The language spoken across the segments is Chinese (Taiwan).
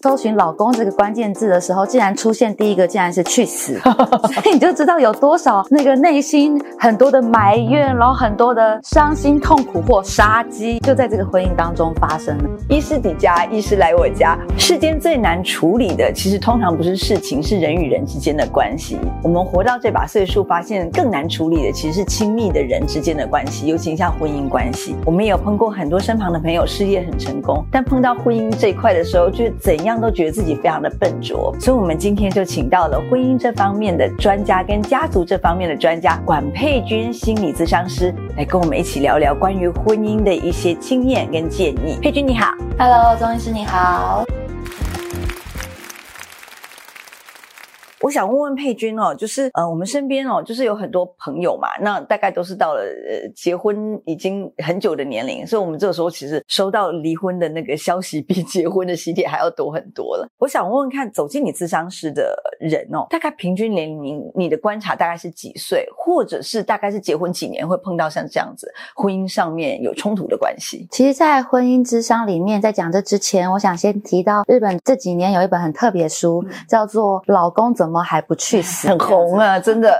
搜尋“老公”這個關鍵字的時候，竟然出現第一個竟然是“去死”，你就知道有多少那個內心很多的埋怨，然後很多的傷心、痛苦，或殺機，就在這個婚姻當中發生了。醫師抵家，醫師來我家。世間最難處理的，其實通常不是事情，是人與人之間的關係。我們活到這把歲數，發現更難處理的其實是親密的人之間的關係，尤其像婚姻關係。我們也有碰過很多身旁的朋友，事業很成功，但碰到婚姻這一塊的時候，就怎樣？樣都覺得自己非常的笨拙，所以，我們今天就請到了婚姻這方面的專家跟家族這方面的專家管珮君心理諮商師來跟我們一起聊聊關於婚姻的一些經驗跟建議。珮君你好，Hello，鍾醫師你好。Hello, 我想問問珮君哦，就是呃，我們身邊哦，就是有很多朋友嘛，那大概都是到了呃結婚已經很久的年齡，所以我們這個時候其實收到離婚的那個消息比結婚的喜帖還要多很多了。我想問問看，走進你諮商室的人哦，大概平均年齡你，你的觀察大概是幾歲，或者是大概是結婚幾年會碰到像這樣子婚姻上面有衝突的關係？其實，在婚姻諮商裡面，在講這之前，我想先提到日本這幾年有一本很特別書，嗯、叫做《老公怎麼》。還不去死，很紅啊，真的、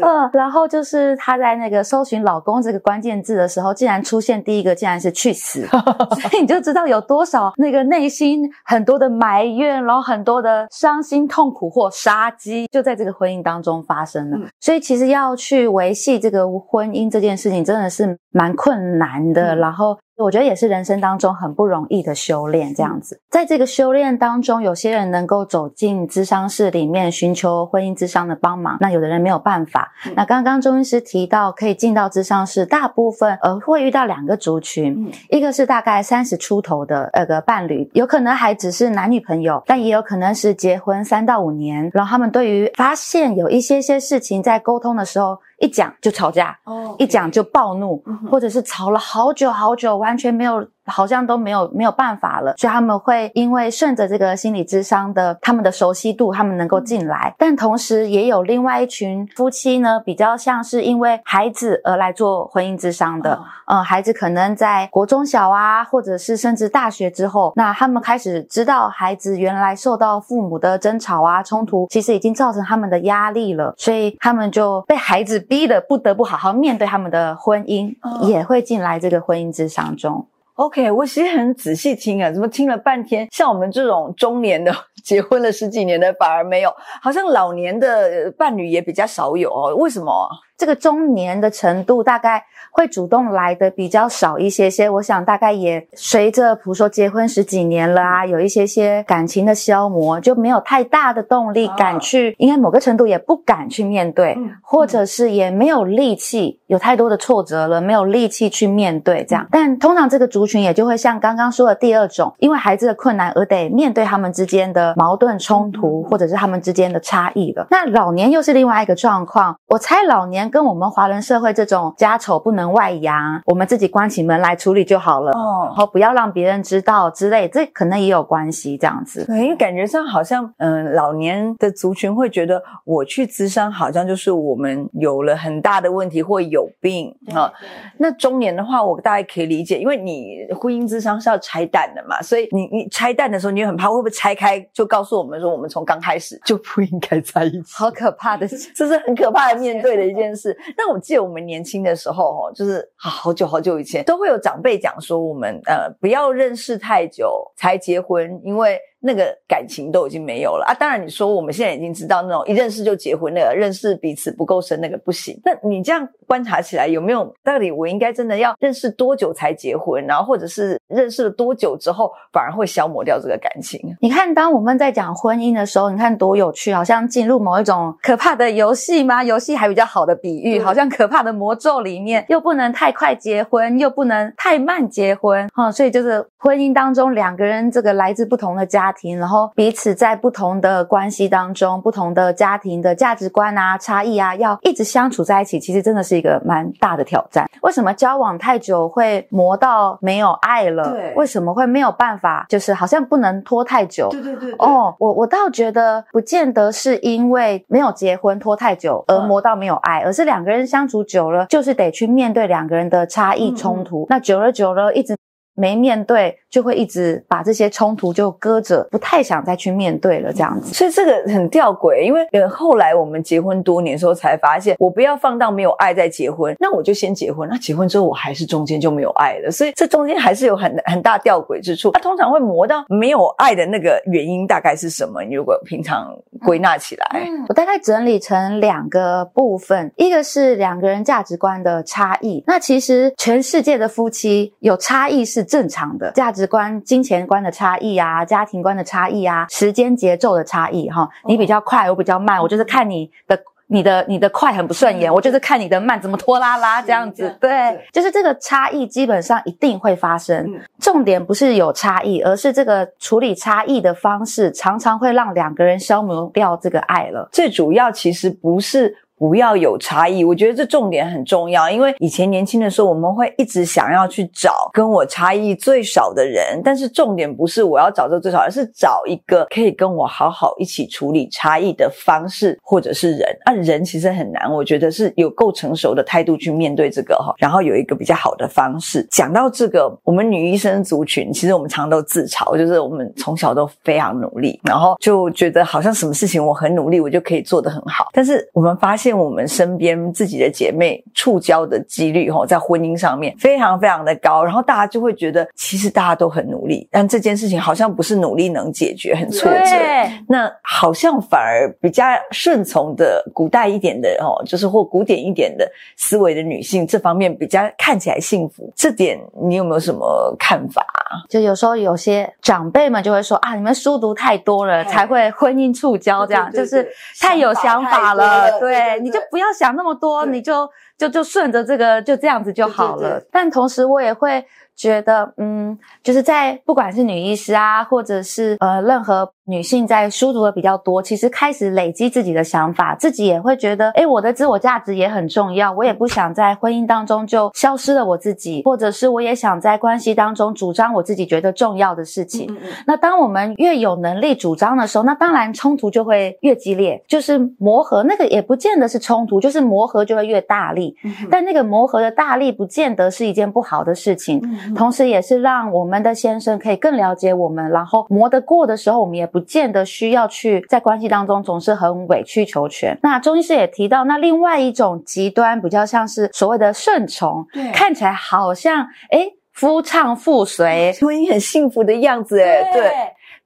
呃。然後就是她在那個搜尋老公這個關鍵字的時候，竟然出現第一個竟然是去死， 所以你就知道有多少那個內心很多的埋怨，然後很多的傷心、痛苦或殺機，就在這個婚姻當中發生了。嗯、所以其實要去維繫這個婚姻這件事情，真的是蠻困難的。嗯、然後。我覺得也是人生當中很不容易的修煉，這樣子，在這個修煉當中，有些人能夠走進諮商室裡面尋求婚姻諮商的幫忙，那有的人沒有辦法。嗯、那剛剛鍾醫師提到可以進到諮商室，大部分呃會遇到兩個族群，一個是大概三十出頭的那、呃、個伴侶，有可能還只是男女朋友，但也有可能是結婚三到五年，然後他們對於發現有一些些事情在溝通的時候，一講就吵架，oh, okay. 一講就暴怒，嗯哼。或者是吵了好久好久，完全沒有。好像都沒有沒有辦法了，所以他們會因為順着這個心理諮商的，他們的熟悉度，他們能夠進來。但同時也有另外一群夫妻呢，比較像是因為孩子而來做婚姻諮商的。哦、嗯，孩子可能在國中小啊，或者是甚至大學之後，那他們開始知道孩子原來受到父母的爭吵啊衝突，其實已經造成他們的壓力了，所以他們就被孩子逼得不得不好好面對他們的婚姻，哦、也會進來這個婚姻諮商中。OK，我其實很仔細聽啊，怎麼聽了半天，像我們這種中年的結婚了十幾年的反而沒有，好像老年的伴侶也比較少有哦，為什麼？這個中年的程度大概會主動來的比較少一些些，我想大概也隨着比如說結婚十幾年了啊，有一些些感情的消磨，就沒有太大的動力敢去，應該某個程度也不敢去面對，或者是也沒有力氣，有太多的挫折了，沒有力氣去面對這樣。但通常這個族群也就會像剛剛說的第二種，因為孩子的困難而得面對他們之間的矛盾衝突，或者是他們之間的差異了。那老年又是另外一個狀況，我猜老年。跟我們華人社會這種家醜不能外揚，我們自己關起門來處理就好了，哦、然後不要讓別人知道之類，這可能也有關係。這樣子，對，因為感覺上好像，嗯、呃，老年的族群會覺得我去諮商好像就是我們有了很大的問題或有病啊。哦、那中年的話，我大概可以理解，因為你婚姻諮商是要拆彈的嘛，所以你你拆彈的時候，你也很怕會不會拆開，就告訴我們說，我們從剛開始就不應該在一起。好可怕的， 這是很可怕的面對的一件事。 是，那我記得我們年輕的時候，哦，就是好久好久以前，都會有長輩講說，我們呃不要認識太久才結婚，因為。那個感情都已經沒有了啊！當然，你說我們現在已經知道那種一認識就結婚那個，認識彼此不夠深那個不行。那你這樣觀察起來，有沒有到底我應該真的要認識多久才結婚？然後，或者是認識了多久之後反而會消磨掉這個感情？你看，當我們在講婚姻的時候，你看多有趣，好像進入某一種可怕的遊戲嗎？遊戲還比較好的比喻，對好像可怕的魔咒裡面，又不能太快結婚，又不能太慢結婚，哈、嗯。所以就是婚姻當中兩個人這個來自不同的家。然後彼此在不同的關係當中，不同的家庭的價值觀啊、差異啊，要一直相處在一起，其實真的是一個蠻大的挑戰。為什麼交往太久會磨到沒有愛了？對為什麼會沒有辦法？就是好像不能拖太久。對，對對對。哦，我我倒覺得不見得是因為沒有結婚拖太久而磨到沒有愛，嗯、而是兩個人相處久了，就是得去面對兩個人的差異衝突。嗯、哼那久了久了，一直。沒面對，就會一直把這些衝突就擱着，不太想再去面對了，這樣子、嗯。所以這個很吊詭，因為呃後來我們結婚多年的時候才發現，我不要放到沒有愛再結婚，那我就先結婚。那結婚之後我還是中間就沒有愛了，所以這中間還是有很很大吊詭之處。他通常會磨到沒有愛的那個原因大概是什麼？你如果平常歸納起來、嗯嗯，我大概整理成兩個部分，一個是兩個人價值觀的差異。那其實全世界的夫妻有差異是。正常的價值觀、金錢觀的差異啊，家庭觀的差異啊，時間節奏的差異哈，你比較快，我比較慢，我就是看你的、你的、你的快很不順眼，我就是看你的慢怎麼拖拉拉這樣子，對，就是這個差異基本上一定會發生。重點不是有差異，而是這個處理差異的方式常常會讓兩個人消磨掉這個愛了。最主要其實不是。不要有差異，我覺得這重點很重要，因為以前年輕的時候，我們會一直想要去找跟我差異最少的人，但是重點不是我要找到最少，而是找一個可以跟我好好一起處理差異的方式或者是人。那、啊、人其實很難，我覺得是有夠成熟的態度去面對這個哈，然後有一個比較好的方式。講到這個，我們女醫生族群其實我們常都自嘲，就是我們從小都非常努力，然後就覺得好像什麼事情我很努力，我就可以做得很好，但是我們發現。見我們身邊自己的姐妹觸礁的幾率哈、哦，在婚姻上面非常非常的高，然後大家就會覺得其實大家都很努力，但這件事情好像不是努力能解決，很挫折。對那好像反而比較順從的古代一點的哦，就是或古典一點的思維的女性，這方面比較看起來幸福。這點你有沒有什麼看法、啊？就有時候有些長輩們就會說啊，你們書讀太多了，哎、才會婚姻觸礁這樣，對對對對就是太有想法了，法了對，對，對，對。你就不要想那麼多，對你就就就順着這個就這樣子就好了。對對對，但同時我也會。覺得嗯，就是在不管是女醫師啊，或者是呃任何女性在書讀的比較多，其實開始累積自己的想法，自己也會覺得，誒，我的自我價值也很重要，我也不想在婚姻當中就消失了我自己，或者是我也想在關係當中主張我自己覺得重要的事情。嗯嗯。那當我們越有能力主張的時候，那當然衝突就會越激烈，就是磨合那個也不見得是衝突，就是磨合就會越大力。嗯嗯。但那個磨合的大力不見得是一件不好的事情。嗯。同時，也是讓我們的先生可以更了解我們，嗯、然後磨得過的時候，我們也不見得需要去在關係當中總是很委曲求全。那鍾醫師也提到，那另外一種極端，比較像是所謂的順從，對看起來好像哎，夫唱婦隨，婚姻很幸福的樣子，對。對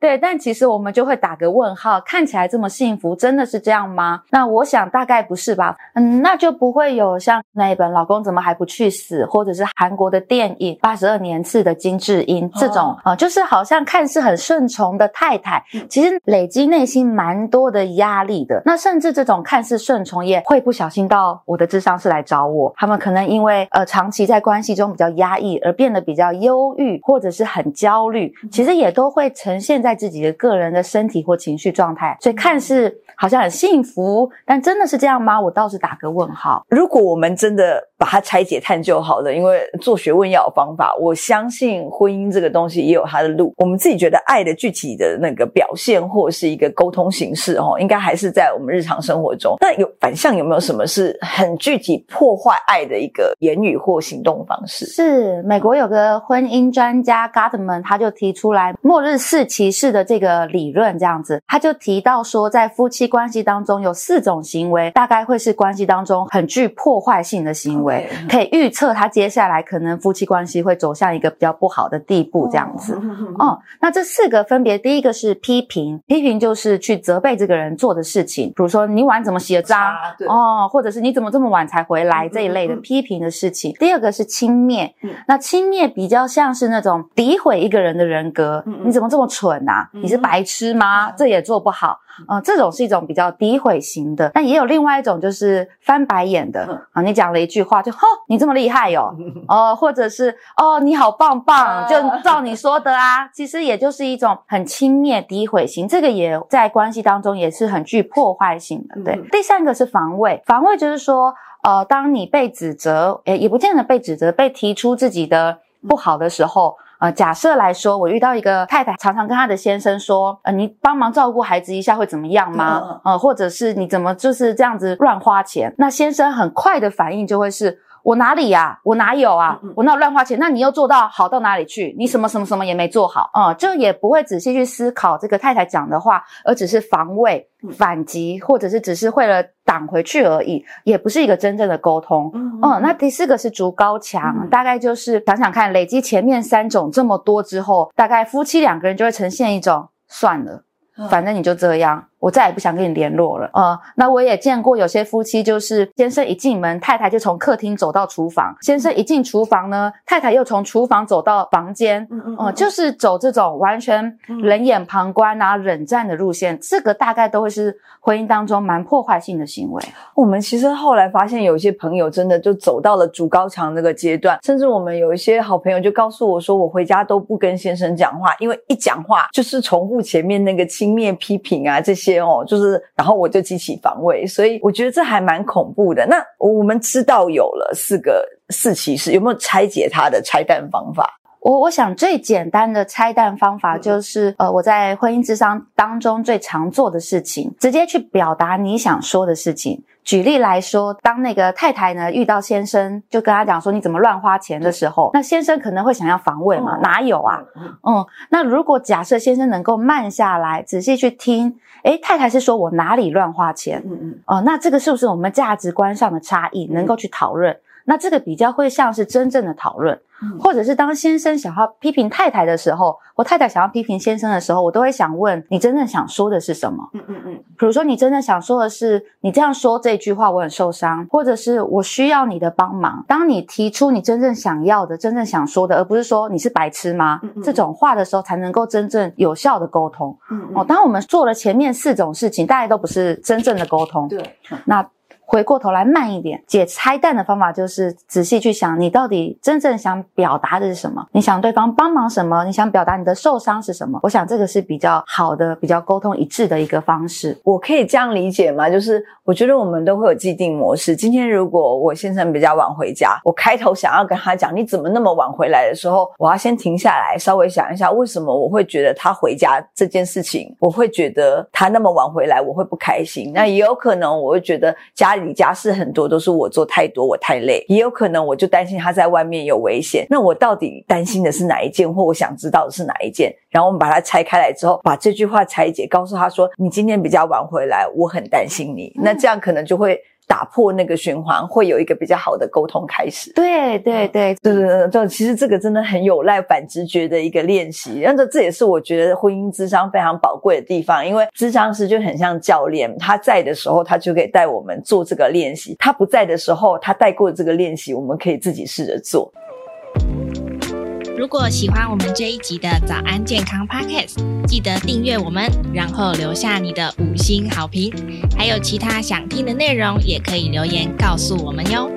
對，但其實我們就會打個問號，看起來這麼幸福，真的是這樣嗎？那我想大概不是吧。嗯，那就不會有像那一本《老公怎麼還不去死》，或者是韓國的電影《八十二年次的金智英》這種啊、哦呃，就是好像看似很順從的太太，其實累積內心蠻多的壓力的。那甚至這種看似順從，也會不小心到我的諮商室來找我。他們可能因為呃長期在關係中比較壓抑，而變得比較憂鬱或者是很焦慮，其實也都會呈現在。在自己的個人的身體或情緒狀態，所以看似。好像很幸福，但真的是這樣嗎？我倒是打個問號。如果我們真的把它拆解、探究好了，因為做學問要有方法，我相信婚姻這個東西也有它的路。我們自己覺得愛的具體的那個表現，或是一個溝通形式，哦，應該還是在我們日常生活中。那有反向有沒有什麼是很具體破壞愛的一個言語或行動方式？是，美國有個婚姻專家 Gottman，他就提出來“末日四騎士”的這個理論，這樣子，他就提到說，在夫妻。關係當中有四種行為，大概會是關係當中很具破壞性的行為，可以預測他接下來可能夫妻關係會走向一個比較不好的地步，這樣子。哦、嗯，那這四個分別，第一個是批評，批評就是去責備這個人做的事情，比如說，你碗怎麼洗得髒哦，或者是你怎麼這麼晚才回來這一類的批評的事情。第二個是輕蔑，那輕蔑比較像是那種詆毀一個人的人格，你怎麼這麼蠢吶、啊？你是白痴嗎？這也做不好，嗯，這種是一種。比較詆毀型的，但也有另外一種，就是翻白眼的啊。你講了一句話就，就呵，你這麼厲害喲、哦，哦、呃，或者是哦、呃、你好棒棒，就照你說的啊。其實也就是一種很輕蔑詆毀型，這個也在關係當中也是很具破壞性的。對，第三個是防衛，防衛就是說，呃，當你被指責，誒、欸，也不見得被指責，被提出自己的不好的時候。呃，假設來說，我遇到一個太太，常常跟她的先生說，呃，你幫忙照顧孩子一下會怎麼樣嗎？呃，或者是你怎麼就是這樣子亂花錢？那先生很快的反應就會是。我哪裡呀、啊？我哪有啊？我哪有亂花錢，那你又做到好到哪裡去？你什麼什麼什麼也沒做好啊！就、嗯、也不會仔細去思考這個太太講的話，而只是防衛、反擊，或者是只是為了擋回去而已，也不是一個真正的溝通。嗯,哼嗯，那第四個是築高牆，嗯、哼大概就是想想看，累積前面三種這麼多之後，大概夫妻兩個人就會呈現一種算了，反正你就這樣。我再也不想跟你聯絡了。呃，那我也見過有些夫妻，就是先生一進門，太太就從客廳走到廚房；先生一進廚房呢，太太又從廚房走到房間。嗯嗯，哦，就是走這種完全冷眼旁觀啊、冷戰的路線。這個大概都會是婚姻當中蠻破壞性的行為。我們其實後來發現，有一些朋友真的就走到了築高牆那個階段，甚至我們有一些好朋友就告訴我說，我回家都不跟先生講話，因為一講話就是重複前面那個輕蔑批評啊這些。哦，就是，然後我就激起防衛，所以我覺得這還蠻恐怖的。那我們知道有了四個，四騎士，有沒有拆解他的拆彈方法？我我想最簡單的拆彈方法就是，呃，我在婚姻諮商當中最常做的事情，直接去表達你想說的事情。舉例來說，當那個太太呢遇到先生，就跟他講說你怎麼亂花錢的時候，對那先生可能會想要防衛嘛，嗯、哪有啊？嗯，那如果假設先生能夠慢下來，仔細去聽，誒、欸，太太是說我哪裡亂花錢？嗯嗯，哦、呃，那這個是不是我們價值觀上的差異能夠去討論？嗯那這個比較會像是真正的討論，嗯、或者是當先生想要批評太太的時候，我太太想要批評先生的時候，我都會想問你真正想說的是什麼？嗯嗯嗯。比如說你真正想說的是你這樣說這句話我很受傷，或者是我需要你的幫忙。當你提出你真正想要的、真正想說的，而不是說你是白痴嗎？嗯嗯，這種話的時候，才能夠真正有效的溝通。嗯嗯哦，當我們做了前面四種事情，大家都不是真正的溝通。對，那。回過頭來慢一點，解拆彈的方法就是仔細去想，你到底真正想表達的是什麼？你想對方幫忙什麼？你想表達你的受傷是什麼？我想這個是比較好的、比較溝通一致的一個方式。我可以這樣理解嗎？就是我覺得我們都會有既定模式。今天如果我先生比較晚回家，我開頭想要跟他講你怎麼那麼晚回來的時候，我要先停下來，稍微想一下為什麼我會覺得他回家這件事情，我會覺得他那麼晚回來我會不開心。那也有可能我會覺得家裡。你家事很多，都是我做太多，我太累，也有可能我就擔心他在外面有危險。那我到底擔心的是哪一件，或我想知道的是哪一件？然後我們把它拆開來之後，把這句話拆解，告訴他說：“你今天比較晚回來，我很擔心你。”那這樣可能就會。打破那個循環，會有一個比較好的溝通開始。對對對，就是就其實這個真的很有賴反直覺的一個練習，那這這也是我覺得婚姻諮商非常寶貴的地方，因為諮商師就很像教練，他在的時候，他就可以帶我們做這個練習；他不在的時候，他帶過的這個練習，我們可以自己試着做。如果喜歡我們這一集的早安健康 Podcast，記得訂閱我們，然後留下你的五星好評。還有其他想聽的內容，也可以留言告訴我們喲。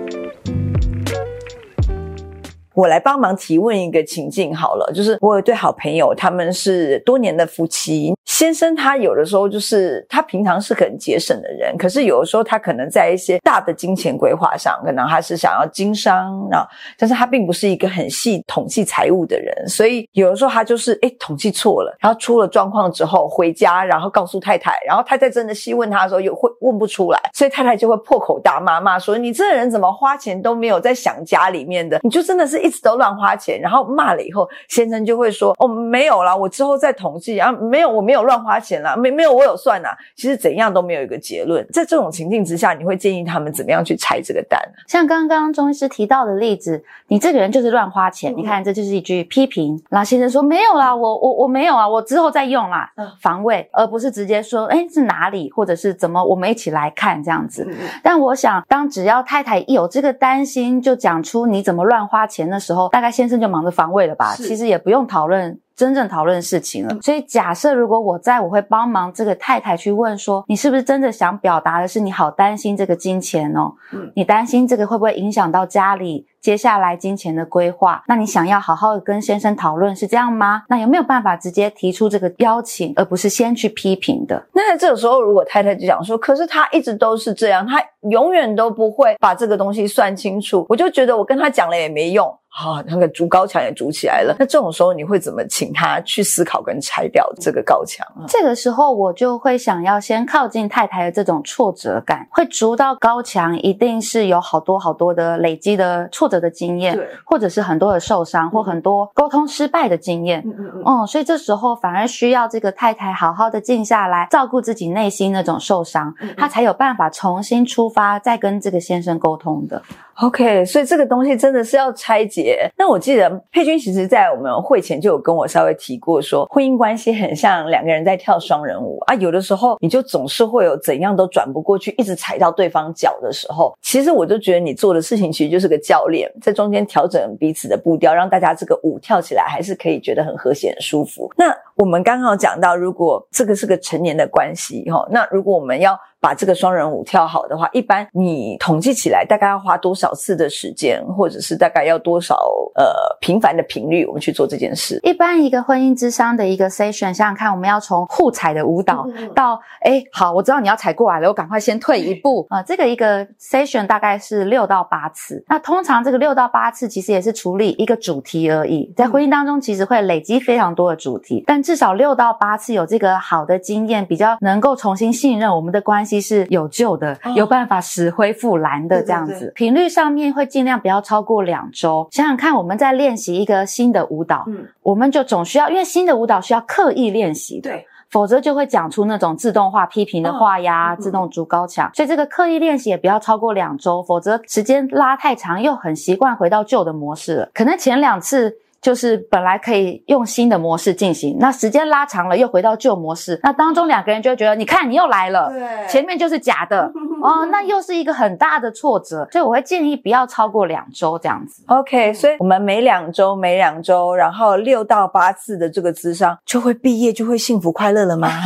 我來幫忙提問一個情境好了，就是我有一對好朋友，他們是多年的夫妻。先生他有的時候就是，他平常是很節省的人，可是有的時候他可能在一些大的金錢規劃上，可能他是想要經商啊，但是他並不是一個很細統計財務的人，所以有的時候他就是哎統計錯了，然後出了狀況之後回家，然後告訴太太，然後太太真的細問他的時候又會問不出來，所以太太就會破口大罵，罵說你這個人怎麼花錢都沒有在想家裡面的，你就真的是一直都亂花錢，然後罵了以後，先生就會說哦沒有啦，我之後再統計，然後沒有，我沒有亂。亂花錢了？沒沒有？我有算吶。其實怎樣都沒有一個結論。在這種情境之下，你會建議他們怎麼樣去拆這個單，啊？像剛剛剛剛鍾醫師提到的例子，你這個人就是亂花錢。嗯、你看，這就是一句批評。那先生說沒有啦，我我我沒有啊，我之後再用啦。嗯、防衛，而不是直接說哎是哪裡，或者是怎麼，我們一起來看這樣子。嗯、但我想，當只要太太一有這個擔心，就講出你怎麼亂花錢的時候，大概先生就忙着防衛了吧。是其實也不用討論。真正討論事情了，所以假設如果我在，我會幫忙這個太太去問說，你是不是真的想表達的是你好擔心這個金錢哦？嗯，你擔心這個會不會影響到家裡接下來金錢的規劃？那你想要好好的跟先生討論是這樣嗎？那有沒有辦法直接提出這個邀請，而不是先去批評的？那這個時候如果太太就講說，可是他一直都是這樣，他永遠都不會把這個東西算清楚，我就覺得我跟他講了也沒用。啊、哦，那個築高牆也築起來了。那這種時候你會怎麼請他去思考跟拆掉這個高牆？這個時候我就會想要先靠近太太的這種挫折感，會築到高牆，一定是有好多好多的累積的挫折的經驗，對，或者是很多的受傷或很多溝通失敗的經驗。嗯嗯嗯。哦、嗯，所以這時候反而需要這個太太好好的靜下來，照顧自己內心那種受傷，嗯嗯，他才有辦法重新出發，再跟這個先生溝通的。OK，所以這個東西真的是要拆解。那我記得佩君其實，在我們會前就有跟我稍微提過說，說婚姻關係很像兩個人在跳雙人舞啊，有的時候你就總是會有怎樣都轉不過去，一直踩到對方腳的時候，其實我就覺得你做的事情其實就是個教練，在中間調整彼此的步調，讓大家這個舞跳起來還是可以覺得很和諧、很舒服。那。我們剛剛講到，如果這個是個成年的關係哈，那如果我們要把這個雙人舞跳好的話，一般你統計起來大概要花多少次的時間，或者是大概要多少呃頻繁的頻率，我們去做這件事。一般一個婚姻諮商的一個 session，想想看我們要從互踩的舞蹈到，哎、嗯，好，我知道你要踩過來了，我趕快先退一步啊。嗯、這個一個 session 大概是六到八次。那通常這個六到八次其實也是處理一個主題而已，在婚姻當中其實會累積非常多的主題，但。這。至少六到八次有這個好的經驗，比較能夠重新信任我們的關係是有救的，哦、有辦法死灰復燃的這樣子。對對對。頻率上面會儘量不要超過兩周。想想看，我們在練習一個新的舞蹈，嗯、我們就總需要，因為新的舞蹈需要刻意練習，對，否則就會講出那種自動化批評的話呀，哦、自動築高牆。嗯、所以這個刻意練習也不要超過兩周，否則時間拉太長，又很習慣回到舊的模式了。可能前兩次。就是本來可以用新的模式進行，那時間拉長了又回到舊模式，那當中兩個人就會覺得，你看你又來了，對，前面就是假的 哦，那又是一個很大的挫折，所以我會建議不要超過兩周這樣子。OK，、嗯、所以我們每兩周、每兩周，然後六到八次的這個諮商就會畢業，就會幸福快樂了嗎？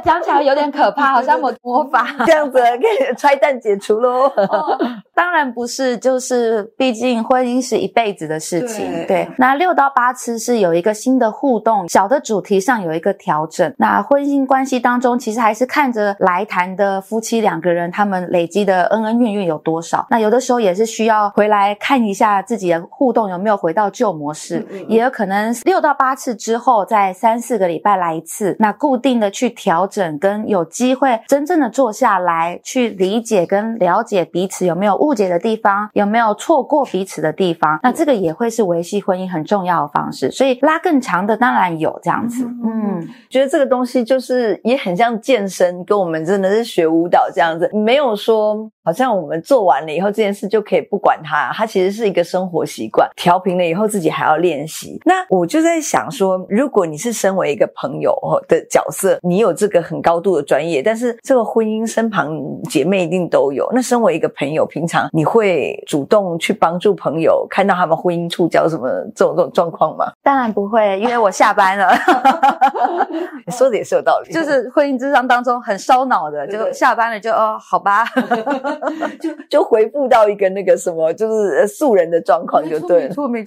講起來有點可怕，好像魔魔法 這樣子，可以拆彈解除嘍。哦、當然不是，就是畢竟婚姻是一輩子的事情，對。對那六到八次是有一個新的互動，小的主題上有一個調整。那婚姻關係當中，其實還是看着來談的夫妻兩個人，他們累積的恩恩怨怨有多少。那有的時候也是需要回來看一下自己的互動有沒有回到舊模式，嗯嗯嗯，也有可能六到八次之後，再三四個禮拜來一次，那固定的去調整，跟有機會真正的坐下來去理解跟了解彼此有沒有誤解的地方，有沒有錯過彼此的地方。那這個也會是維繫。婚姻很重要的方式，所以拉更強的當然有這樣子。嗯，嗯，嗯，覺得這個東西就是也很像健身，跟我們真的是學舞蹈這樣子，沒有說。好像我們做完了以後，這件事就可以不管它。它其實是一個生活習慣，調平了以後自己還要練習。那我就在想說，如果你是身為一個朋友的角色，你有這個很高度的專業，但是這個婚姻身旁姐妹一定都有。那身為一個朋友，平常你會主動去幫助朋友看到他們婚姻觸礁什麼這種這種狀況嗎？當然不會，因為我下班了。哈哈哈，你說的也是有道理，就是婚姻諮商當中很燒腦的，就下班了就對對哦好吧。 就 就回復到一個那個什麼，就是素人的狀況就對，沒錯沒錯。沒錯沒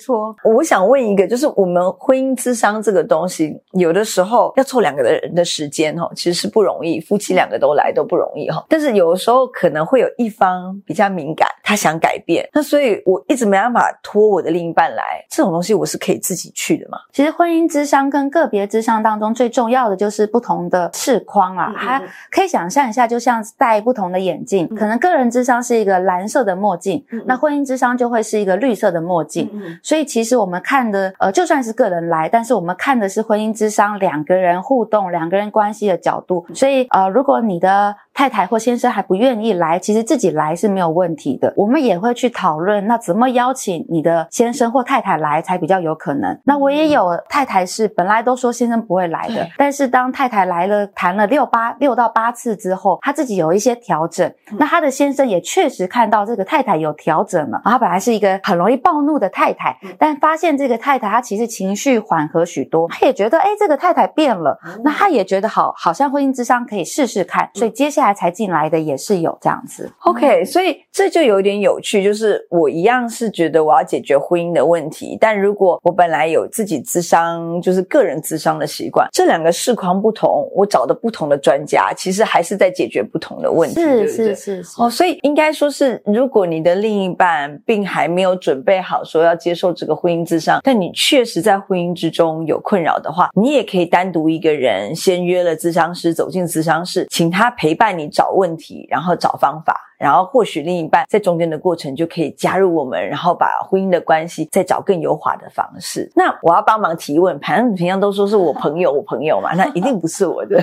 錯，我想問一個，就是我們婚姻諮商這個東西，有的時候要湊兩個的人的時間哦，其實是不容易，夫妻兩個都來都不容易哈。但是有的時候可能會有一方比較敏感，他想改變，那所以我一直沒辦法拖我的另一半來，這種東西我是可以自己去的嘛？其實婚姻諮商跟個別諮商當中最重要的就是不同的視框啊，他、嗯嗯嗯、可以想象一下，就像戴不同的眼鏡，嗯嗯可能個人。諮商是一個藍色的墨鏡，嗯嗯，那婚姻諮商就會是一個綠色的墨鏡。嗯嗯所以其實我們看的，呃，就算是個人來，但是我們看的是婚姻諮商，兩個人互動、兩個人關係的角度。嗯嗯所以，呃，如果你的太太或先生還不願意來，其實自己來是沒有問題的。我們也會去討論，那怎麼邀請你的先生或太太來才比較有可能？那我也有太太是本來都說先生不會來的，對但是當太太來了，談了六八六到八次之後，她自己有一些調整。那她的先生也確實看到這個太太有調整了，然、啊、後他本來是一個很容易暴怒的太太，但發現這個太太她其實情緒緩和許多，他也覺得誒、哎，這個太太變了。那他也覺得好，好像婚姻諮商可以試試看，所以接下下來才進來的也是有這樣子，OK，所以這就有點有趣，就是我一樣是覺得我要解決婚姻的問題，但如果我本來有自己諮商，就是個人諮商的習慣，這兩個視況不同，我找的不同的專家，其實還是在解決不同的問題，是對對是是哦，是 oh, 所以應該說是，如果你的另一半並還沒有準備好說要接受這個婚姻諮商，但你確實在婚姻之中有困擾的話，你也可以單獨一個人先約了諮商師，走進諮商室，請他陪伴。你找問題，然後找方法。然後或許另一半在中間的過程就可以加入我們，然後把婚姻的關係再找更優化的方式。那我要幫忙提問，反正你平常都說是我朋友， 我朋友嘛，那一定不是我的。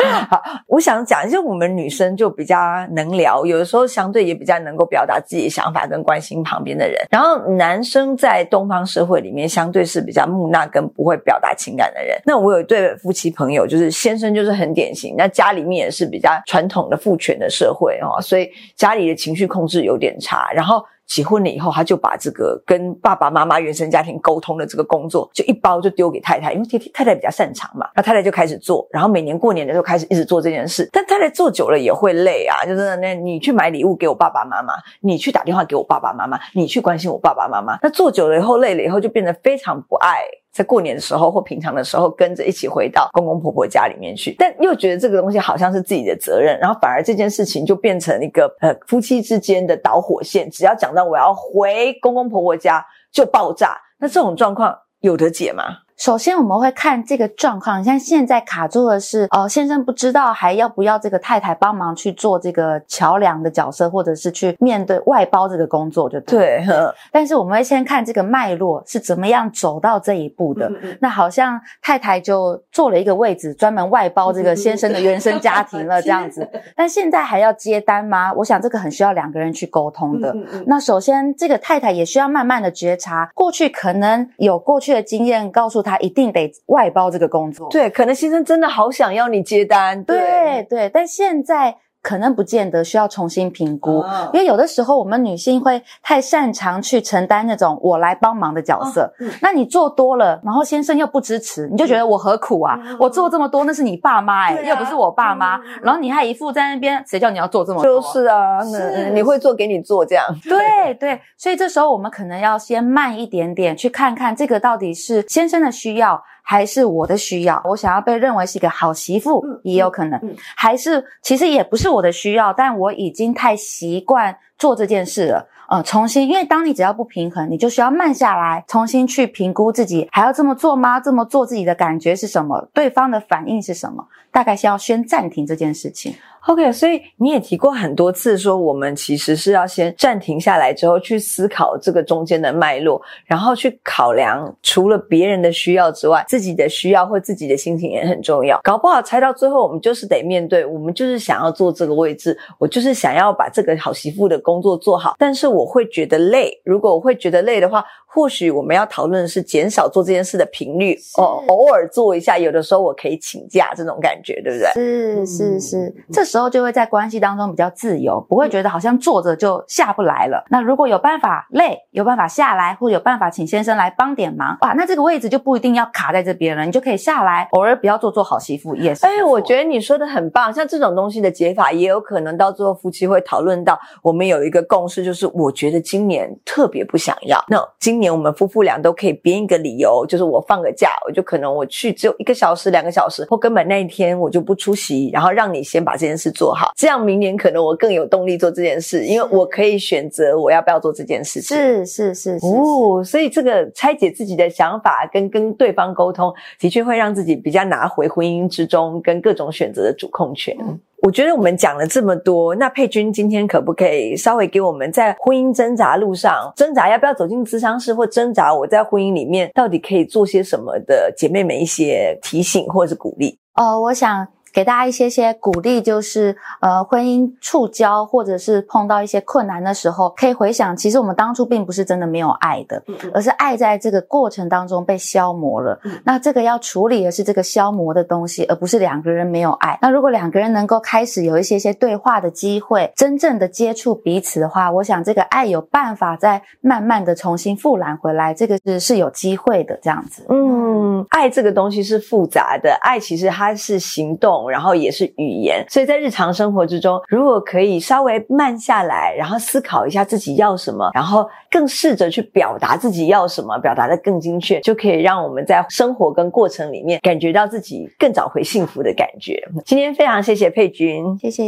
我想講，就我們女生就比較能聊，有的時候相對也比較能夠表達自己的想法跟關心旁邊的人。然後男生在東方社會裡面相對是比較木訥跟不會表達情感的人。那我有一對夫妻朋友，就是先生就是很典型，那家裡面也是比較傳統的父權的社會，哦、所以。家裡的情緒控制有點差，然後結婚了以後，他就把這個跟爸爸媽媽原生家庭溝通的這個工作，就一包就丟給太太，因為太太太太比較擅長嘛，那太太就開始做，然後每年過年的時候開始一直做這件事，但太太做久了也會累啊，就是那你去買禮物給我爸爸媽媽，你去打電話給我爸爸媽媽，你去關心我爸爸媽媽，那做久了以後累了以後，就變得非常不愛。在過年的時候或平常的時候，跟着一起回到公公婆婆家裡面去，但又覺得這個東西好像是自己的責任，然後反而這件事情就變成一個呃夫妻之間的導火線，只要講到我要回公公婆婆家就爆炸，那這種狀況有得解嗎？首先，我們會看這個狀況。像現在卡住的是，呃、哦，先生不知道還要不要這個太太幫忙去做這個橋樑的角色，或者是去面對外包這個工作就對，對對呵？對。但是，我們會先看這個脈絡是怎麼樣走到這一步的。嗯嗯，那好像太太就做了一個位置，專門外包這個先生的原生家庭了，這樣子。嗯嗯嗯 但現在還要接單嗎？我想這個很需要兩個人去溝通的。嗯嗯嗯，那首先，這個太太也需要慢慢的覺察，過去可能有過去的經驗告訴他他一定得外包這個工作，對，可能先生真的好想要你接單，對對，對，但現在。可能不見得需要重新評估，哦、因為有的時候我們女性會太擅長去承擔那種我來幫忙的角色。哦嗯、那你做多了，然後先生又不支持，你就覺得我何苦啊？嗯、我做這麼多，那是你爸媽哎、欸，嗯、又不是我爸媽。嗯、然後你還一副在那邊，誰叫你要做這麼多？就是啊，是、嗯，你會做給你做這樣。對對，對，所以這時候我們可能要先慢一點點，去看看這個到底是先生的需要。還是我的需要，我想要被認為是一個好媳婦，也有可能。還是其實也不是我的需要，但我已經太習慣做這件事了，呃，重新，因為當你只要不平衡，你就需要慢下來，重新去評估自己，還要這麼做嗎？這麼做自己的感覺是什麼？對方的反應是什麼？大概先要先暫停這件事情。OK，所以你也提過很多次，說我們其實是要先暫停下來，之後去思考這個中間的脈絡，然後去考量除了別人的需要之外，自己的需要或自己的心情也很重要。搞不好拆到最後，我們就是得面對，我們就是想要坐這個位置，我就是想要把這個好媳婦的。工作做好，但是我會覺得累。如果我會覺得累的話，或許我們要討論的是減少做這件事的頻率是哦，偶爾做一下，有的時候我可以請假，這種感覺對不對？是是是，是是嗯、這時候就會在關係當中比較自由，不會覺得好像坐着就下不來了。嗯、那如果有辦法累，有辦法下來，或者有辦法請先生來幫點忙，哇，那這個位置就不一定要卡在這邊了，你就可以下來，偶爾不要做做好媳婦 Yes，哎誒，錯我覺得你說的很棒，像這種東西的解法，也有可能到最後夫妻會討論到，我們有一個共識，就是我覺得今年特別不想要。那今今年我們夫婦倆都可以編一個理由，就是我放個假，我就可能我去只有一個小時、兩個小時，或根本那一天我就不出席，然後讓你先把這件事做好，這樣明年可能我更有動力做這件事，因為我可以選擇我要不要做這件事情。是是是，哦，所以這個拆解自己的想法，跟跟對方溝通，的確會讓自己比較拿回婚姻之中跟各種選擇的主控權。嗯我覺得我們講了這麼多，那珮君今天可不可以稍微給我們在婚姻掙扎路上掙扎要不要走進諮商室，或掙扎我在婚姻裡面到底可以做些什麼的姐妹們一些提醒或者是鼓勵？哦，我想。給大家一些些鼓勵，就是呃，婚姻觸礁，或者是碰到一些困難的時候，可以回想，其實我們當初並不是真的沒有愛的，而是愛在這個過程當中被消磨了。那這個要處理的是這個消磨的東西，而不是兩個人沒有愛。那如果兩個人能夠開始有一些些對話的機會，真正的接觸彼此的話，我想這個愛有辦法再慢慢的重新復燃回來，這個是是有機會的。這樣子，嗯，愛這個東西是複雜的，愛其實它是行動。然後也是語言，所以在日常生活之中，如果可以稍微慢下來，然後思考一下自己要什麼，然後更試着去表達自己要什麼，表達得更精確，就可以讓我們在生活跟過程裡面感覺到自己更找回幸福的感覺。今天非常謝謝珮君，謝謝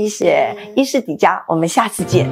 醫師抵家，我們下次見。